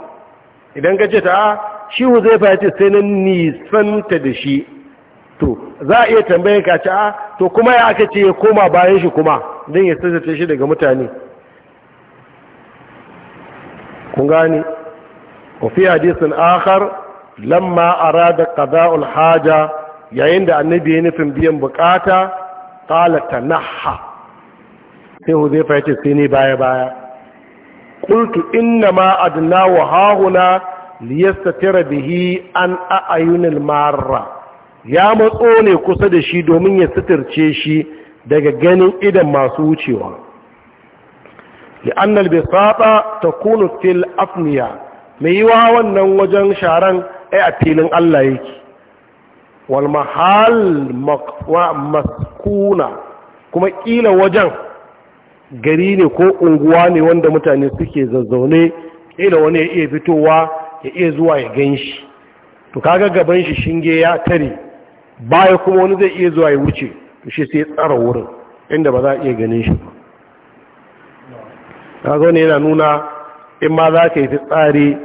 idan ka ce ta ah, shi huzaifa ya ce sai na nisanta da shi to za a iya tambayin ka ce a ah, to kuma ya aka ce ya koma bayan shi kuma don ya sassata shi daga mutane kun gani وفي حديث akhar. lamma arada qada'ul haja yayin da annabi ya nufin biyan bukata qala tanaha sai huzaifa ya ce sai ni baya baya qultu inna ma adna wa hauna liyastatira bihi an a'yunil marra ya matso ne kusa da shi domin ya sitirce shi daga ganin idan masu wucewa li'annal bisata takunu fil afniya mai yiwa wannan wajen sharan ai a filin Allah yake wal mahal maskuna kuma kila wajen gari ne ko unguwa ne wanda mutane suke zazzaune kila wani ya iya fitowa ya iya zuwa ya ganshi to kaga gaban shi shinge ya tare baya kuma wani zai iya zuwa ya wuce to shi sai tsara wurin inda ba za a iya ganin shi ba kaga wani yana nuna in ma za ka yi tsari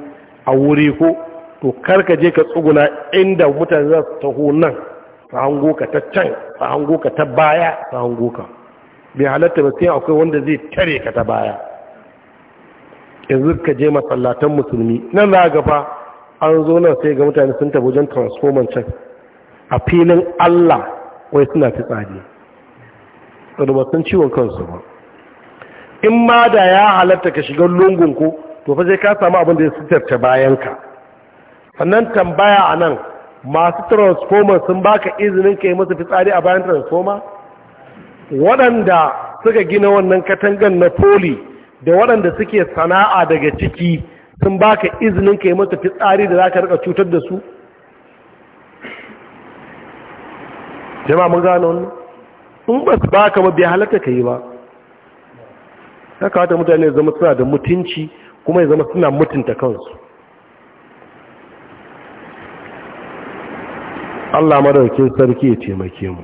a wuri ko to karka je ka tsuguna inda mutane za su taho nan su hango ka ta can su hango ka ta baya su hango ka bai halatta ba sai akwai wanda zai tare ka ta baya yanzu ka je masallatan musulmi nan za ga fa an zo nan sai ga mutane sun tafi wajen transformer can a filin Allah wai suna fitsari da ba sun ciwon kansu ba in ma da ya halatta ka shiga lungun ko to fa sai ka samu abin da ya sitarta bayan ka sannan tambaya a nan masu transformer sun baka izinin ka yi musu fitsari a bayan transformer waɗanda suka gina wannan katangan na poli da waɗanda suke sana'a daga ciki sun baka izinin ka yi musu fitsari da za ka rika cutar da su jama'a mun gano wannan in ba su baka ba bai halatta ka yi ba ya kawata mutane zama suna da mutunci kuma ya zama suna mutunta kansu Allah madaukin sarki ya taimake mu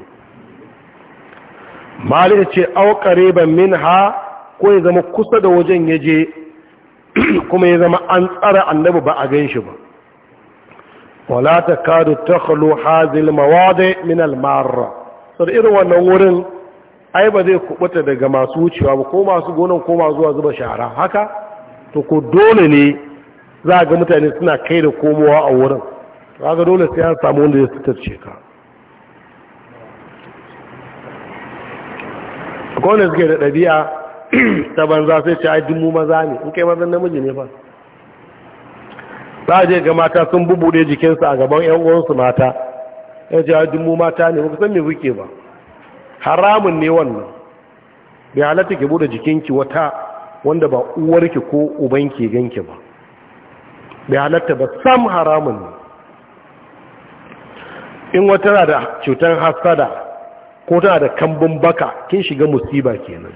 malik ce au qareban minha ko ya zama kusa da wajen ya je kuma ya zama an tsara annabi ba a gan shi ba wala takadu takhlu hazil mawadi min al marra irin wannan wurin ai ba zai kubuta daga masu wucewa ba ko masu gonan ko masu zuwa zuba shara haka to ko dole ne za a ga mutane suna kai da komowa a wurin kaga dole sai an samu wanda ya sitarce ka kone suke da ɗabi'a ta banza sai ce ai dimmu maza ne in kai mazan namiji ne ba za a je ga mata sun bubude jikinsu a gaban 'yan uwansu mata ya ce ai dimmu mata ne ba san me kuke ba haramun ne wannan bai halatta ki bude jikinki wata wanda ba uwarki ko ubanki ganki ba bai halatta ba sam haramun ne in wata da cutar hasada ko tana da kambun baka kin shiga musiba kenan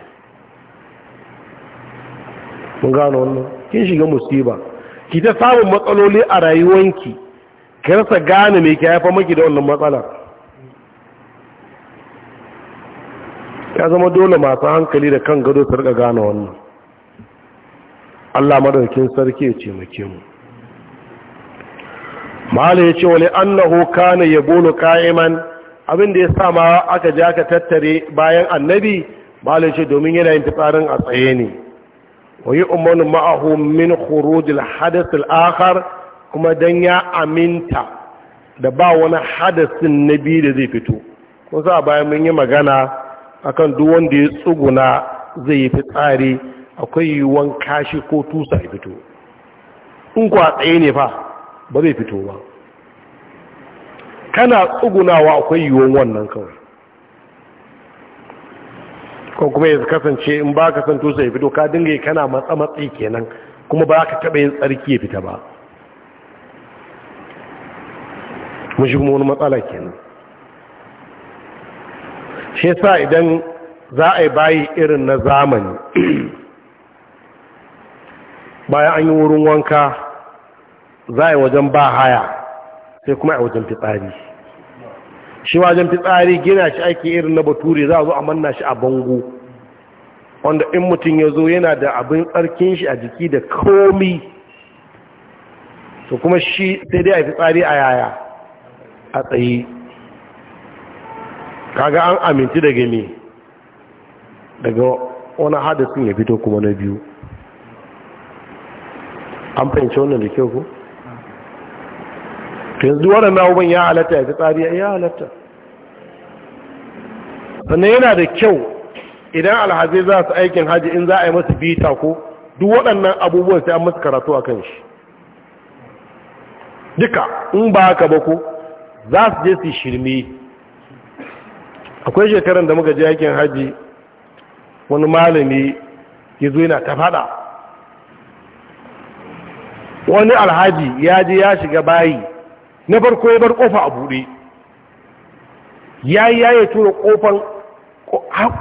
mun gano wannan kin shiga musiba ki ta samun matsaloli a rayuwanki ki rasa gane me ke haifa maki da wannan matsalar ya zama dole masu hankali da kan gado su rika gane wannan Allah madaukin sarki ya ce mu malai ya ce wale annahu kana ya bolo ka'iman abinda da ya sa ma aka ji aka tattare bayan annabi malai ce domin yana yin fitsarin a tsaye ne Wani umarnin ma'ahu min khurujil hadasul akhar kuma don ya aminta da ba wani hadasin biyu da zai fito kun sa bayan mun yi magana akan duk wanda ya tsuguna zai yi fitsari akwai yiwuwan kashi ko tusa ya fito in kwa tsaye ne fa ba zai fito ba kana tsugunawa akwai yiwuwan wannan kawai ko kuma ya kasance in ba ka san tusa ya fito ka dinga yi kana matsa-matsi kenan kuma ba ka taɓa yin tsarki ya fita ba mashi kuma wani matsala kenan shi sa idan za a yi bayi irin na zamani bayan an yi wurin wanka za a wajen ba haya sai kuma a wajen fitsari shi wajen fitsari gina shi ake irin na bature za a zo a manna shi a bango wanda in mutum ya zo yana da abin tsarkin shi a jiki da komi to kuma shi sai dai a fitsari a yaya a tsaye kaga an aminci daga me daga wani sun ya fito kuma na biyu an fahimci wannan da kyau ko? yanzu waɗannan abubuwan ya halatta ya fi tsari ya halatta sannan yana da kyau idan alhazai za su aikin haji in za a yi masu bita ko duk waɗannan abubuwan sai an masu karatu a kan shi duka in ba ka ba ko za su je su shirme akwai shekarar da muka je aikin haji wani malami ya zo yana ta fada wani alhaji ya je ya shiga bayi na farko ya bar kofa a buɗe ya yi ya yi tura kofan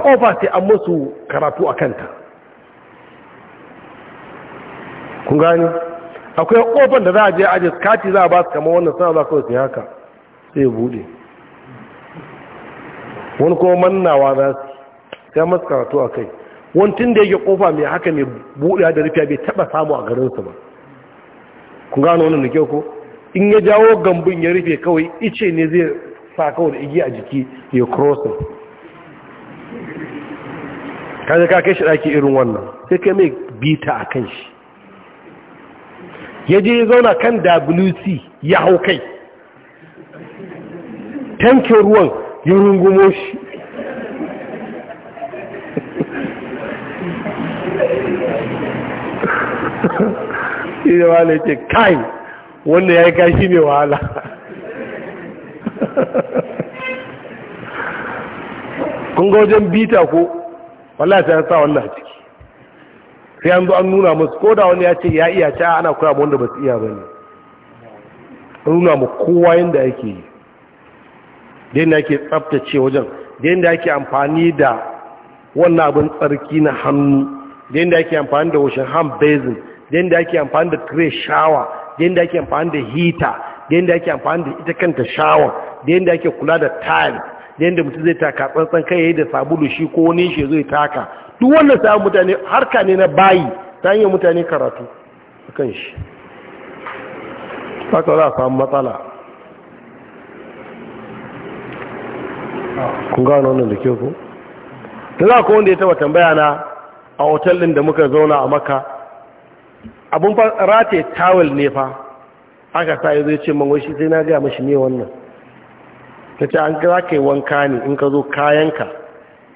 kofa sai an masu karatu a kanta kun gani akwai kofan da za a je ajiyar kati za a ba su kama wannan sana za kawai sai haka sai ya buɗe wani kuma mannawa za su sai masu karatu a kai wantin da yake kofa mai haka mai buɗe da rufiya bai taɓa samu a garinsu ba kun gano wannan da ko in ya jawo gambun ya rufe kawai ice ne zai sa kawai da igi a jiki ya krosa kaji ka kai shi ɗaki irin wannan sai kai mai bita a kan shi ya je zauna kan wc ya hau kai tankin ruwan ya rungumo shi shi da ce kai wannan ya yi kashi mai wahala kun ga wajen bita ko wallah ta sa wallah ciki sai an zo an nuna musu ko da wani ya ce ya iya ci ana koya wanda ba su iya ba ne nuna mu kowa yadda ake yi da yadda ake tsabtace wajen da yadda ake amfani da wannan abin tsarki na hannu da yadda ake amfani da washin hand basin da yadda ake amfani da tray shower da yadda ake amfani da hita da yadda ake amfani da ita kanta shawon da yadda ake kula da tile da yadda mutum zai taka tsantsan kai yayi da sabulu shi ko wani shi zai taka duk wannan sai mutane harka ne na bayi ta hanyar mutane karatu a kan shi haka za a samu matsala kun gano wannan da ke ku Ta za ku wanda ya taba tambaya na a otal ɗin da muka zauna a maka abun fa rataye tawul ne fa aka sa yazo ce man wai shi sai na ga mishi ne wannan tace an ga kai wanka ne in ka zo kayanka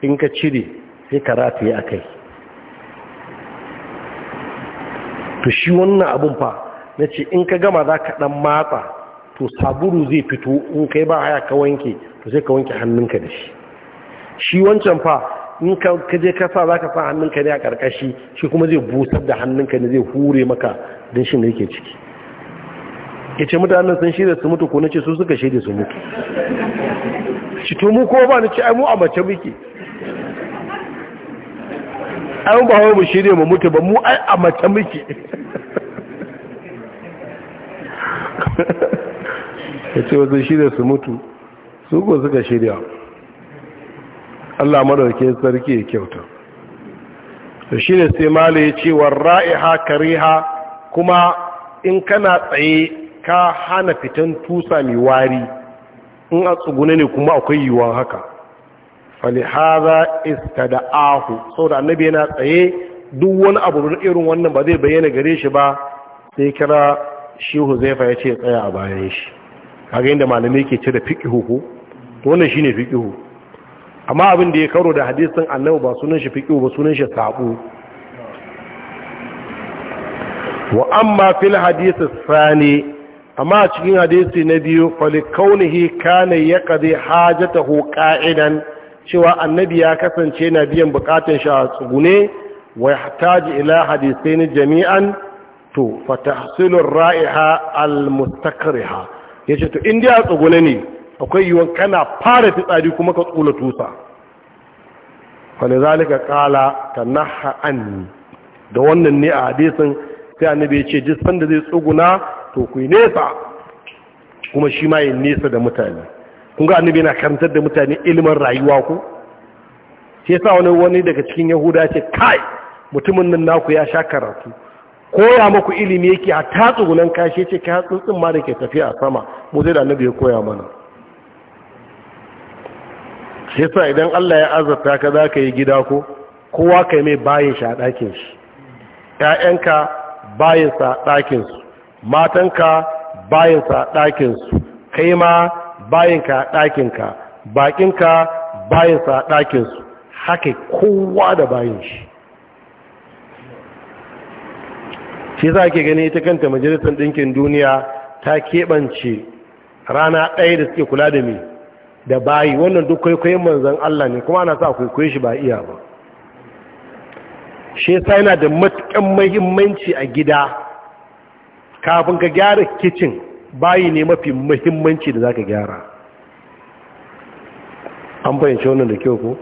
in ka cire sai ka rataye akai to shi wannan abun fa nace in ka gama za ka dan matsa to saburu zai fito in kai ba haya ka wanke to sai ka wanke hannunka da shi shi wancan fa in ka je ka sa za ka sa hannunka ne a ƙarƙashi shi kuma zai busar da hannunka ne zai hure maka don shi ne yake ciki ya ce mutanen sun shirya su mutu ko na ce su suka shirya su mutu shi to mu ko ba na ce ai mu a mace muke ai ba hawa mu shirya mu mutu ba mu ai a mace muke ya ce wasu shirya su mutu su ko suka shirya Allah madaukakin sarki ya kyauta to shine sai mala ya ce war ra'iha kariha kuma in kana tsaye ka hana fitan tusa mai wari in a tsugune ne kuma akwai yiwuwar haka falihaza istada'ahu saboda annabi yana tsaye duk wani abu irin wannan ba zai bayyana gare shi ba sai kira shi huzaifa ya ce tsaya a bayan shi kaga inda malamai ke cire fiqhu ko to wannan shine fiqhu amma abin da ya karo da hadisin annabi ba sunan shi fiqhu ba sunan shi sabo wa amma fil hadith sani amma cikin hadisi na biyu falikaunihi kana yaqdi hajatahu qa'idan cewa annabi ya kasance na biyan bukatun shi a tsugune wa yahtaji ila hadisaini jami'an to fatahsilu ra'iha al-mustakriha yace to indiya tsugune ne akwai yiwuwan kana fara fitsari kuma ka tsula tusa wani zalika kala ta naha anni da wannan ne a hadisun sai annabi ya ce duk da zai tsuguna to ku nesa kuma shi ma yi nesa da mutane kun ga annabi yana karantar da mutane ilimin rayuwa ku sai yasa wani wani daga cikin yahuda ce kai mutumin nan naku ya sha karatu koya maku ilimi yake a tatsugunan kashi ce ka tsuntsun ma da ke tafiya a sama mu zai da annabi ya koya mana shi yasa idan Allah ya azurta ka za ka yi gida ko kowa yi mai bayan shi a ɗakin shi ‘ya'yanka bayan sa ɗakin su matanka bayan sa ɗakin su kai ma bayan ka ɗakin ka bakin ka bayan sa ɗakin su haka kowa da bayan shi shi za ke gani ta kanta majalisar ɗinkin duniya ta keɓance rana ɗaya da suke kula da mai da bayi wannan duk kwaikwayon manzan Allah ne kuma ana sa kwaikwayo shi ba iya ba shi sai yana da matukan mahimmanci a gida kafin ka gyara kicin bayi ne mafi muhimmanci da za ka gyara an bayyance wannan da kyau ko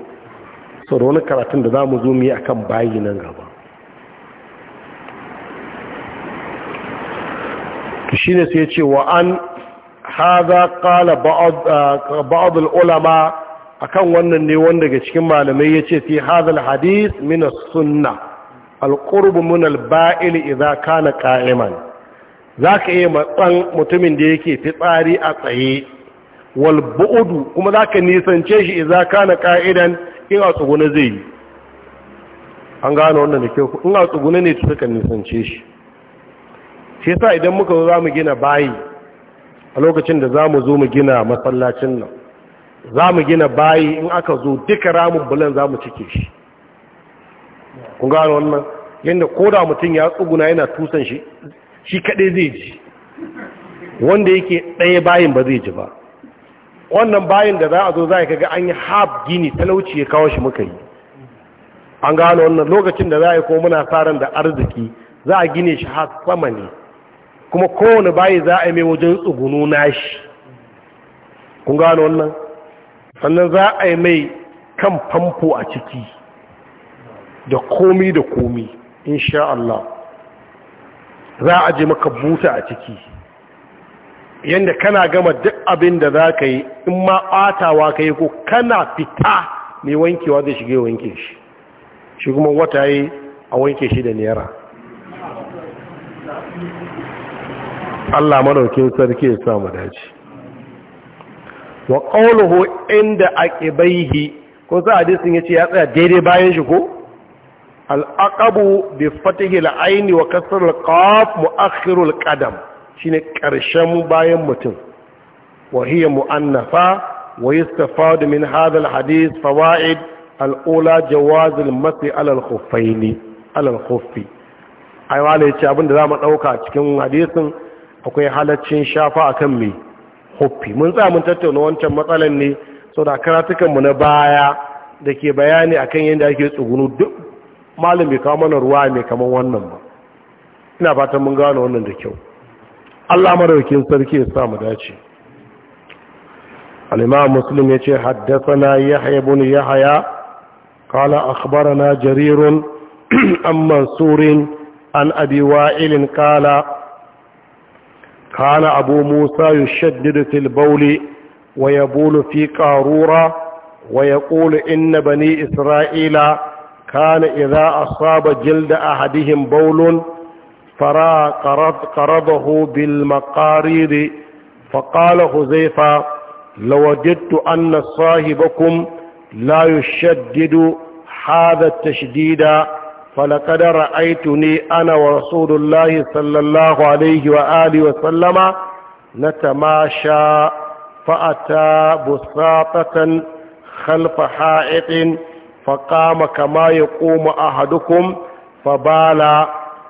sau wani karatun da za mu zo mu yi akan bayi nan gaba shi ne sai ce wa an haza qala ba'd ulama akan wannan ne wanda daga cikin malamai yace fi hadha hadis min as-sunnah al-qurb min al-ba'il idha kana qa'iman zaka iya matsan mutumin da yake fitsari a tsaye wal bu'd kuma zaka nisance shi idha kana qa'idan in a tsugune zai yi an gano wannan da kyau in a tsugune ne to suka nisance shi shi yasa idan muka zo zamu gina bayi a lokacin da za mu zo mu gina masallacin nan za mu gina bayi in aka zo duka ramun bulan za mu cike shi kun gano wannan yadda koda mutum ya tsuguna yana tusan shi shi kaɗai zai ji wanda yake ɗaya bayin ba zai ji ba wannan bayin da za a zo za a kaga an yi hab gini talauci ya kawo shi muka yi an gano wannan lokacin da za a yi ko muna sa da arziki za a gine shi har sama ne kuma kowane bayi za a yi mai wajen tsugunu shi? kun gano wannan sannan za a yi mai kan famfo a ciki da komi da komi insha Allah za a je maka buta a ciki yadda kana gama duk abin da za ka yi in ma ɓatawa ka yi ko kana fita mai wankewa zai shige wanke shi shi kuma wata yi a wanke shi da naira Allah maraukin sarki ya samu dace wa qawluhu inda aqibaihi ko sa hadisin yace ya tsaya daidai bayan shi ko al aqabu bi fatihi al aini wa kasr al qaf muakhir al qadam shine karshen bayan mutum wa hiya muannafa wa yastafadu min hadha al hadith fawaid al ula jawaz al masi ala al khuffaini ala al khuffi ai wala yace abinda zamu dauka cikin hadisin akwai halaccin shafa akan mai huffi mun tsaya mun tattauna wancan matsalan ne da karatukanmu na baya da ke bayani akan yadda ake tsugunu duk malin mai kawo mana ruwa mai kamar wannan ba ina fatan mun gano wannan da kyau Allah maraukin sarki ya sa mu dace al-Imam Muslim yace haddathana ya ibn yahaya kala akhbarana jaririn an mansurin an Abi ilin kala. كان أبو موسى يشدد في البول ويبول في قارورة ويقول إن بني إسرائيل كان إذا أصاب جلد أحدهم بول فرى قرض قرضه بالمقارير فقال خزيفة لوجدت أن صاحبكم لا يشدد هذا التشديد فلقد رأيتني أنا ورسول الله صلى الله عليه وآله وسلم نتماشى فأتى بساطة خلف حائط فقام كما يقوم أحدكم فبال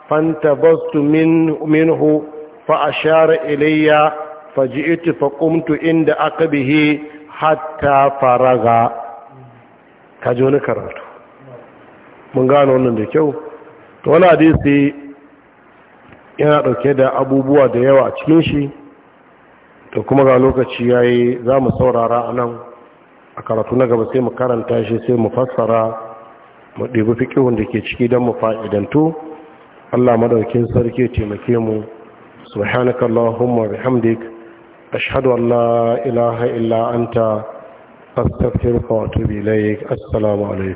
فانتبست منه, منه فأشار إلي فجئت فقمت عند أقبه حتى فرغ كجون كررت mun gano wannan da kyau to wani hadisi yana dauke da abubuwa da yawa a cikin shi to kuma ga lokaci ya za mu saurara a nan a karatu na gaba sai mu karanta shi sai mu fassara mu ɗibi fikihun da ke ciki don mu fa'idantu allah madaukin sarki taimake mu subhanakallahumma bihamdik ashhadu an la ilaha illa anta astaghfiruka wa atubu ilayk assalamu